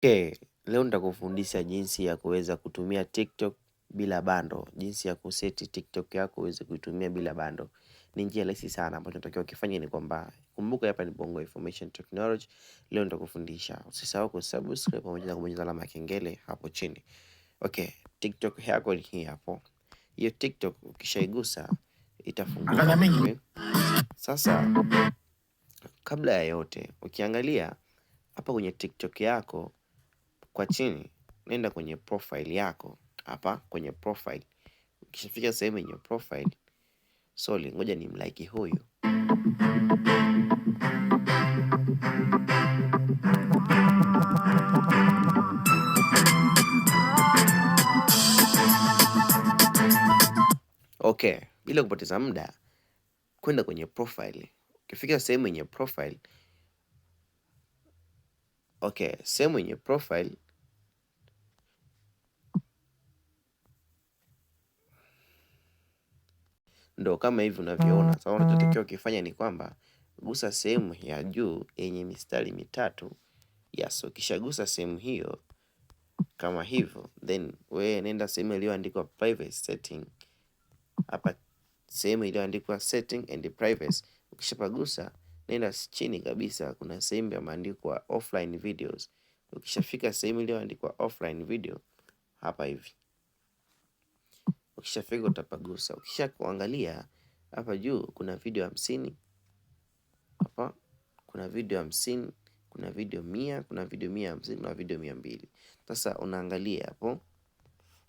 Okay, leo nitakufundisha jinsi ya kuweza kutumia TikTok bila bando, jinsi ya kuseti TikTok yako uweze kuitumia bila bando. Ni njia rahisi sana ambacho unatakiwa ukifanye ni kwamba kumbuka hapa ni Bongo Information Technology. Leo nitakufundisha. Usisahau kusubscribe pamoja na kubonyeza alama ya kengele hapo chini. Okay, TikTok yako ni hii hapo. Hiyo TikTok ukishaigusa itafunguka. Sasa kabla ya yote ukiangalia hapa kwenye TikTok yako kwa chini nenda kwenye profile yako hapa kwenye profile. Ukishafika sehemu yenye profile, sorry, ngoja ni mlike huyu okay. Bila kupoteza muda, kwenda kwenye profile. Ukifika sehemu yenye profile, okay, sehemu yenye profile Ndo kama hivi unavyoona. Mm, Sasa unachotakiwa mm. ukifanya ni kwamba gusa sehemu ya juu yenye mistari mitatu. Yes, ukishagusa sehemu hiyo kama hivyo, then wewe nenda sehemu iliyoandikwa privacy setting. Hapa sehemu iliyoandikwa setting and privacy, ukishapagusa nenda chini kabisa, kuna sehemu imeandikwa offline videos. Ukishafika sehemu iliyoandikwa offline video hapa hivi Ukishafika utapagusa, ukisha kuangalia hapa juu kuna video hamsini, hapa kuna video hamsini, kuna video mia, kuna video mia hamsini, kuna video mia mbili. Sasa unaangalia hapo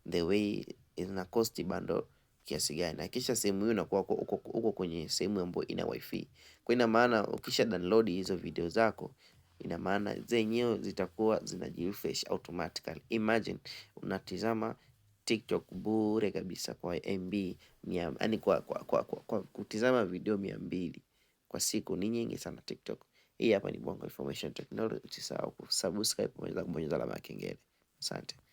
the way ina cost bundle kiasi gani, na kisha sehemu hiyo unakuwa uko kwenye sehemu ambayo ina wifi. Kwa ina maana ukisha download hizo video zako ina maana zenyewe zitakuwa zinajirefresh automatically. Imagine unatizama TikTok bure kabisa kwa MB mia, yani kwa, kwa, kwa, kwa, kwa kutizama video mia mbili kwa siku ni nyingi sana TikTok. Hii hapa ni Bongo Information Technology, usisahau kusubscribe, kubonyeza alama ya kengele. Asante.